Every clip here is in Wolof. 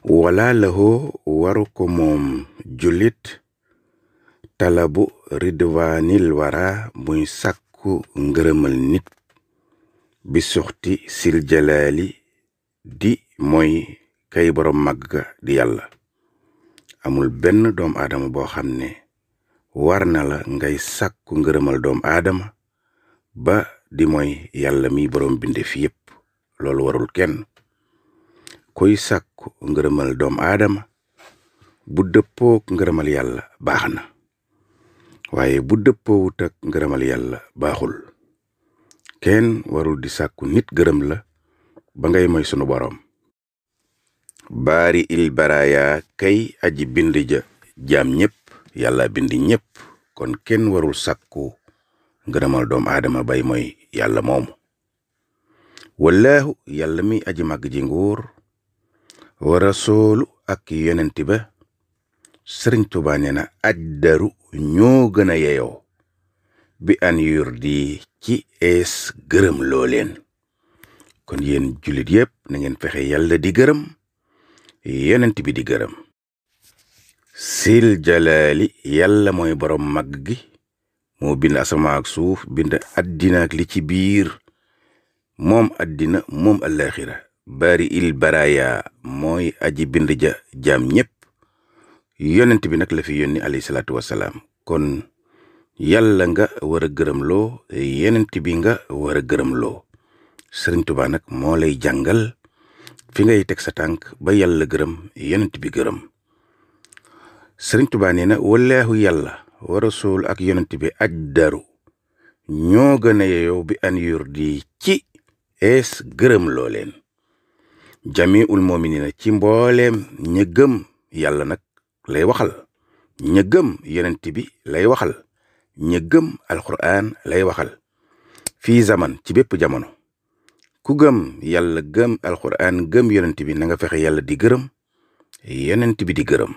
wala laxoo waru ko moom jullit talabu ridwaanil wara muy sàkku ngërëmal nit bi suxti sil jalaali di mooy kay borom màgg di yàlla amul benn doom aadama boo xam ne war na la ngay sakku ngërëmal doom aadama ba di mooy yàlla mi borom bindéef yépp loolu warul kenn koy sàkku ngërëmal doom aadama bu dëppook ngërëmal yàlla baax na waaye bu dëppoowut ak ngërëmal yàlla baaxul kenn warul di sàkku nit gërëm la ba ngay moy sunu boroom baari il kay aji bind ja jam ñépp yàlla bind ñépp kon kenn warul sakku ngërëmal doom adama bay mooy yàlla moomu wallaahu yàlla mi aji màgg ji nguur wa rasuulu ak yonent ba sëriñ Tuubaa nee na ajdaru ñoo gën a yeyoo bi an yur di ci ees gërëm loo kon yéen jullit yépp na ngeen fexe yàlla di gërëm yonent bi di gërëm sil jalaali yàlla mooy borom mag gi moo bind asamaa suuf bind àddina ak li ci biir moom àddina moom àllaaxira bari il baraya mooy aji bind ja jaam ñépp yonent bi nag la fi yónni alayhi salaatu wasalaam kon yalla nga war a gërëm loo yonent bi nga war a gërëm loo sëriñ tubaa nag moo lay jàngal fi ngay teg sa tànk ba yàlla gërëm yonent bi gërëm sëriñ tubaa nee na wallaahu yàlla wa rasul ak yonent bi aj daru ñoo gën a yeyoo bi an yur ci ees gërëm loo leen jamiul muminina ci mbooleem ña gëm yàlla nag lay waxal ña gëm yonent bi lay waxal ña gëm alquran lay waxal fii zaman ci bépp jamono ku gëm yàlla gëm alquran gëm yonent bi na fexe yàlla di gërëm yonent bi di gërëm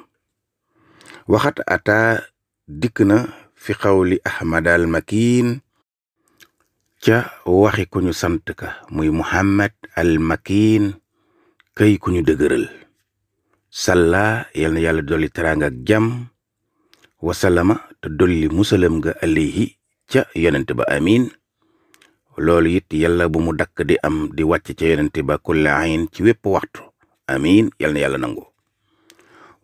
waxat ataa dikk na fi xawli ahmadal makiin ca waxi ku sant ka muy muhammad al kay ku ñu dëgëral sàlla yal na yàlla dolli teraanga ak jàmm wasalama te dolli musalam nga alayhi ca yonent ba amiin loolu it yàlla bu mu dakk di am di wàcc ca yonent ba kulla ayn ci wépp waxtu amiin yal na yàlla nangu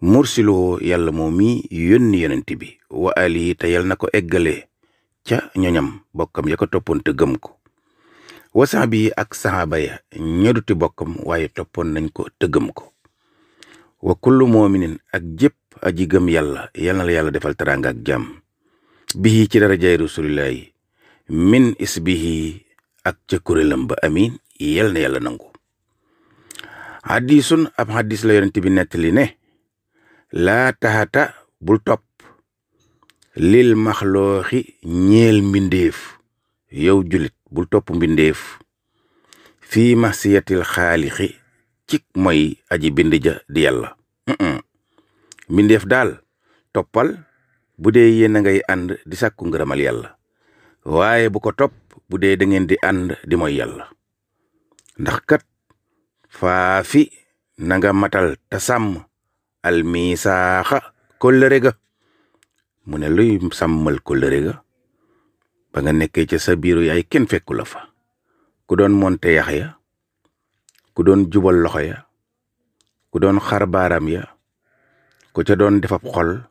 mursiloo yàlla moo mi yónni yonent bi wa alihi te yal na ko eggale ca ñoñam bokkam ya ko toppante te gëm ko wasan bi ak saxaaba ya ñoduti bokkam waaye toppoon nañ ko tëggam ko wa kullu moominin ak jépp aji gëm yàlla yal na yàlla defal teraanga ak jàmm bihi ci darajaay rasulillahi min isbihi ak ca kuréelam ba amin yal na yàlla nangu hadisun ab hadis la yonent bi nettali ne laa taxata bul topp lil maxlooxi ñeel mbindéef yow julit bul topp mbindeef fii masiyatil xaalixi cik mooy aji bind ja di yàlla mbindeef daal toppal bu dee yéen a ngay ànd di sàkku ngërëmal yàlla waaye bu ko topp bu dee da di ànd di mooy yàlla ndax kat faafi na nga matal te sàmm almisaaxa kóllëre ga mu ne luy sàmmal kóllëre ga ba nga nekkee ca sa biiru yaay kenn la fa ku doon monte yax ku doon jubal loxo ya ku doon xar baaram ya ku ca doon defab xol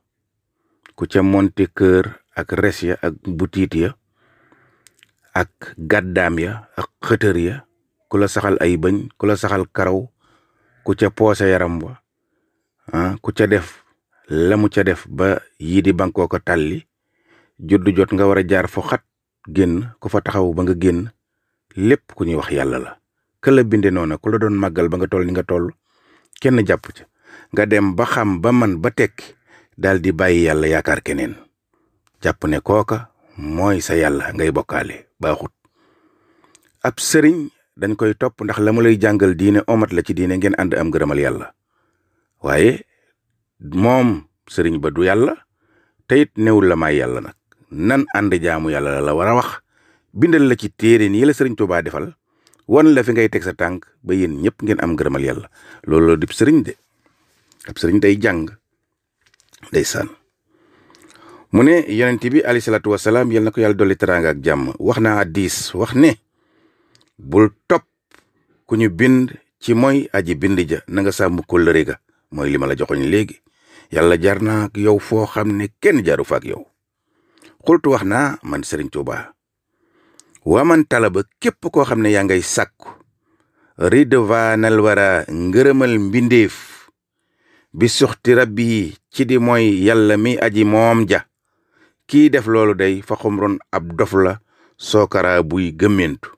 ku ca monte kër ak res ak butiit ya ak gàddaam ya ak xëtër ya ku la saxal ay bëñ ku saxal karaw ku ca poose yaram wa ah, ku ca def la mu ca def ba yii di bankoo ko tàlli juddu jot nga war a jaar fu xat génn ku fa taxaw ba nga génn lépp ku ñuy wax yàlla la ka la binde noona ku la doon màggal ba nga toll ni nga toll kenn jàpp ca nga dem ba xam ba man ba tekki daal di bàyyi yàlla yaakaar keneen jàpp ne kooka mooy sa yàlla ngay bokkaale baaxut ab sëriñ dañ koy topp ndax la mu lay jàngal diine omat la ci diine ngeen ànd am gërëmal yàlla waaye moom sëriñ ba du yàlla te newul la may yàlla nag nan ànd jaamu yàlla la war a wax bindal la ci téere nii la sëriñ Tuubaa defal wan la fi ngay teg sa tànk ba yéen ñëpp ngeen am gërëmal yàlla loolu dib sëriñ de ab sëriñ day jàng day sànn mu ne yonent bi alayhi salaatu wasalaam yal na ko yàlla dolli teraanga ak jàmm wax naa diis wax ne bul topp ku ñu bind ci moy aji bind ja na nga sàmm kóllëre ga mooy li ma la joxoñ léegi yàlla jar naa yow foo xam ne kenn jaaru fa ak yow xultu wax naa man sëriñ Tuuba waa man talaba képp koo xam ne yaa ngay sàkku ridvaanal wara ngërëmal mbindeef bi suxti rabbi ci di mooy yàlla mi aji moom ja kii def loolu day fa xumrun ab dof la sookara buy gëmmentu